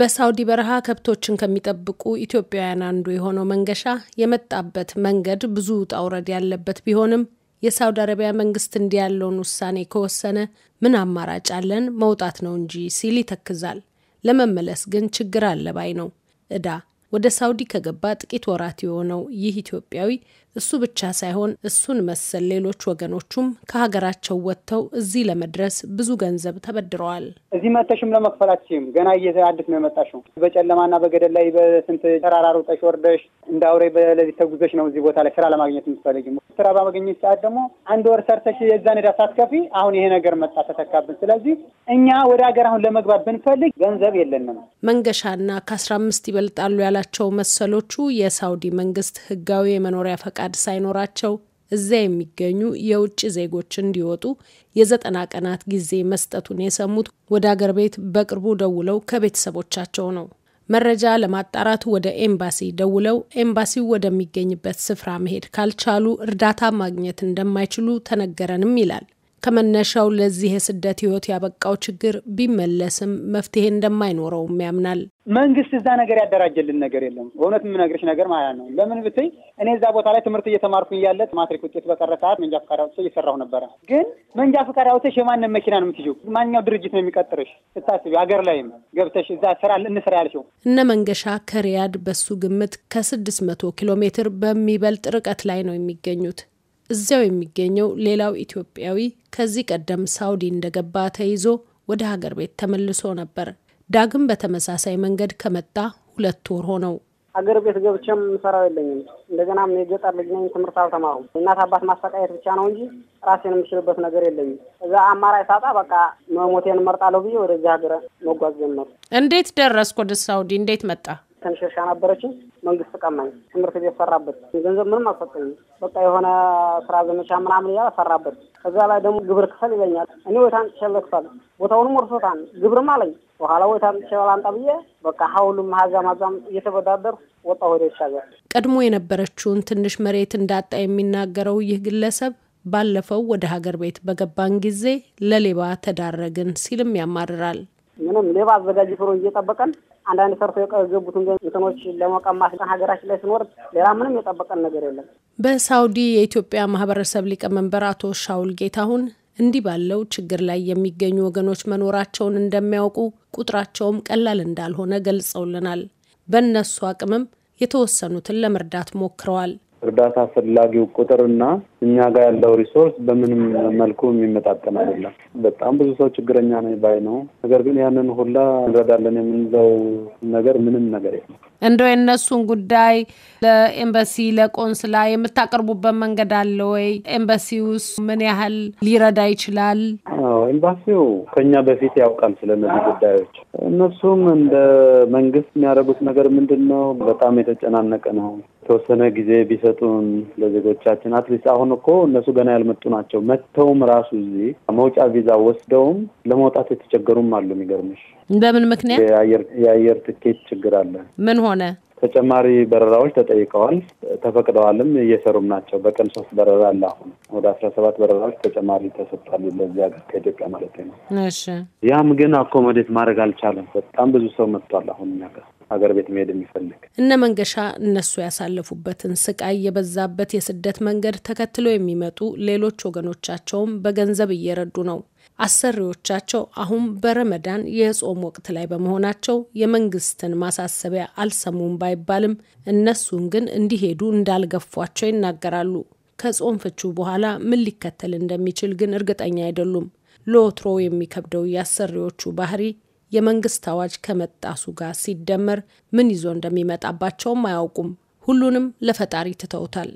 በሳውዲ በረሃ ከብቶችን ከሚጠብቁ ኢትዮጵያውያን አንዱ የሆነው መንገሻ የመጣበት መንገድ ብዙ ውጣ ውረድ ያለበት ቢሆንም የሳውዲ አረቢያ መንግስት እንዲህ ያለውን ውሳኔ ከወሰነ ምን አማራጭ አለን? መውጣት ነው እንጂ ሲል ይተክዛል። ለመመለስ ግን ችግር አለባይ ነው። እዳ ወደ ሳውዲ ከገባ ጥቂት ወራት የሆነው ይህ ኢትዮጵያዊ እሱ ብቻ ሳይሆን እሱን መሰል ሌሎች ወገኖቹም ከሀገራቸው ወጥተው እዚህ ለመድረስ ብዙ ገንዘብ ተበድረዋል። እዚህ መተሽም ለመክፈል አትችይም። ገና አዲስ ነው የመጣሽው። በጨለማና በገደል ላይ በስንት ተራራ ሩጠሽ ወርደሽ እንደ አውሬ በሌሊት ተጉዘሽ ነው እዚህ ቦታ ላይ ስራ ለማግኘት የምትፈልጊ። ስራ በመገኘት ሰዓት ደግሞ አንድ ወር ሰርተሽ የዛን ዕዳ ሳትከፊ አሁን ይሄ ነገር መጣ ተተካብን። ስለዚህ እኛ ወደ ሀገር አሁን ለመግባት ብንፈልግ ገንዘብ የለንም። መንገሻና ከአስራ አምስት ይበልጣሉ ያላ እንዳላቸው መሰሎቹ የሳውዲ መንግስት ህጋዊ የመኖሪያ ፈቃድ ሳይኖራቸው እዚያ የሚገኙ የውጭ ዜጎች እንዲወጡ የዘጠና ቀናት ጊዜ መስጠቱን የሰሙት ወደ አገር ቤት በቅርቡ ደውለው ከቤተሰቦቻቸው ነው። መረጃ ለማጣራት ወደ ኤምባሲ ደውለው ኤምባሲው ወደሚገኝበት ስፍራ መሄድ ካልቻሉ እርዳታ ማግኘት እንደማይችሉ ተነገረንም ይላል። ከመነሻው ለዚህ የስደት ህይወት ያበቃው ችግር ቢመለስም መፍትሄ እንደማይኖረውም ያምናል። መንግስት እዛ ነገር ያደራጀልን ነገር የለም። እውነት የምነግርሽ ነገር ማለት ነው። ለምን ብትይ እኔ እዛ ቦታ ላይ ትምህርት እየተማርኩ እያለ ማትሪክ ውጤት በቀረ ሰዓት መንጃ ፈቃድ አውጥቼ እየሰራሁ ነበረ። ግን መንጃ ፈቃድ አውጥተሽ የማንም መኪና ነው የምትይው? ማንኛው ድርጅት ነው የሚቀጥርሽ? ስታስቢ ሀገር ላይም ገብተሽ እዛ ስራ እንስራ ያልሽው እነ መንገሻ ከሪያድ በሱ ግምት ከስድስት መቶ ኪሎ ሜትር በሚበልጥ ርቀት ላይ ነው የሚገኙት። እዚያው የሚገኘው ሌላው ኢትዮጵያዊ ከዚህ ቀደም ሳውዲ እንደገባ ተይዞ ወደ ሀገር ቤት ተመልሶ ነበር። ዳግም በተመሳሳይ መንገድ ከመጣ ሁለት ወር ሆነው። ሀገር ቤት ገብቼም ምሰራው የለኝም። እንደገናም የገጠር ልጅ ነኝ። ትምህርት አልተማሩም። እናት አባት ማሰቃየት ብቻ ነው እንጂ ራሴን የምችልበት ነገር የለኝም። እዛ አማራጭ ሳጣ በቃ መሞቴን እመርጣለሁ ብዬ ወደዚህ ሀገር መጓዝ ጀመሩ። እንዴት ደረስኩ ወደ ሳውዲ እንዴት መጣ? ትንሽ ሻ ነበረችኝ። መንግስት ቀማኝ። ትምህርት ቤት ሰራበት። ገንዘብ ምንም አልሰጠኝም። በቃ የሆነ ስራ ዘመቻ ምናምን እያለ ሰራበት። ከዛ ላይ ደግሞ ግብር ክፈል ይለኛል። እኔ ወይታን ክፈል፣ ቦታውንም ወርሶታን ግብርም አለኝ። በኋላ ወይታን አንጣ ብዬ በቃ ሀውሉም ሀዛም ማዛም እየተበዳደር ወጣ ወደ ይሻገር። ቀድሞ የነበረችውን ትንሽ መሬት እንዳጣ የሚናገረው ይህ ግለሰብ ባለፈው ወደ ሀገር ቤት በገባን ጊዜ ለሌባ ተዳረግን ሲልም ያማርራል። ምንም ሌባ አዘጋጅ ፍሮ እየጠበቀን አንዳንድ ሰርቶ የገቡትን እንትኖች ለመቀማት ሀገራችን ላይ ስኖር ሌላ ምንም የጠበቀን ነገር የለም። በሳውዲ የኢትዮጵያ ማህበረሰብ ሊቀመንበር አቶ ሻውል ጌታሁን እንዲህ ባለው ችግር ላይ የሚገኙ ወገኖች መኖራቸውን እንደሚያውቁ ቁጥራቸውም ቀላል እንዳልሆነ ገልጸውልናል። በእነሱ አቅምም የተወሰኑትን ለመርዳት ሞክረዋል። እርዳታ ፈላጊው እና እኛ ጋር ያለው ሪሶርስ በምንም መልኩ የሚመጣጠን አይደለም። በጣም ብዙ ሰው ችግረኛ ነው ባይ ነው። ነገር ግን ያንን ሁላ እንረዳለን የምንለው ነገር ምንም ነገር የለም። እንደው የእነሱን ጉዳይ ለኤምባሲ ለቆንስላ የምታቀርቡበት መንገድ አለ ወይ? ኤምባሲ ውስጥ ምን ያህል ሊረዳ ይችላል? ኤምባሲው ከኛ በፊት ያውቃል ስለነዚህ ጉዳዮች። እነሱም እንደ መንግስት የሚያደርጉት ነገር ምንድን ነው? በጣም የተጨናነቀ ነው። የተወሰነ ጊዜ ቢሰጡን ለዜጎቻችን አትሊስት። አሁን እኮ እነሱ ገና ያልመጡ ናቸው። መጥተውም ራሱ እዚህ መውጫ ቪዛ ወስደውም ለመውጣት የተቸገሩም አሉ። የሚገርምሽ በምን ምክንያት? የአየር ትኬት ችግር አለ። ምን ሆነ? ተጨማሪ በረራዎች ተጠይቀዋል፣ ተፈቅደዋልም እየሰሩም ናቸው። በቀን ሶስት በረራ አለ። አሁን ወደ አስራ ሰባት በረራዎች ተጨማሪ ተሰጥቷል፣ ለዚህ ሀገር ከኢትዮጵያ ማለት ነው። ያም ግን አኮሞዴት ማድረግ አልቻለም። በጣም ብዙ ሰው መጥቷል። አሁን እኛ ሀገር ቤት መሄድ የሚፈልግ እነ መንገሻ እነሱ ያሳለፉበትን ስቃይ የበዛበት የስደት መንገድ ተከትሎ የሚመጡ ሌሎች ወገኖቻቸውም በገንዘብ እየረዱ ነው። አሰሪዎቻቸው አሁን በረመዳን የጾም ወቅት ላይ በመሆናቸው የመንግስትን ማሳሰቢያ አልሰሙም ባይባልም እነሱን ግን እንዲሄዱ እንዳልገፏቸው ይናገራሉ። ከጾም ፍቹ በኋላ ምን ሊከተል እንደሚችል ግን እርግጠኛ አይደሉም። ለወትሮ የሚከብደው የአሰሪዎቹ ባህሪ የመንግስት አዋጅ ከመጣሱ ጋር ሲደመር ምን ይዞ እንደሚመጣባቸውም አያውቁም። ሁሉንም ለፈጣሪ ትተውታል።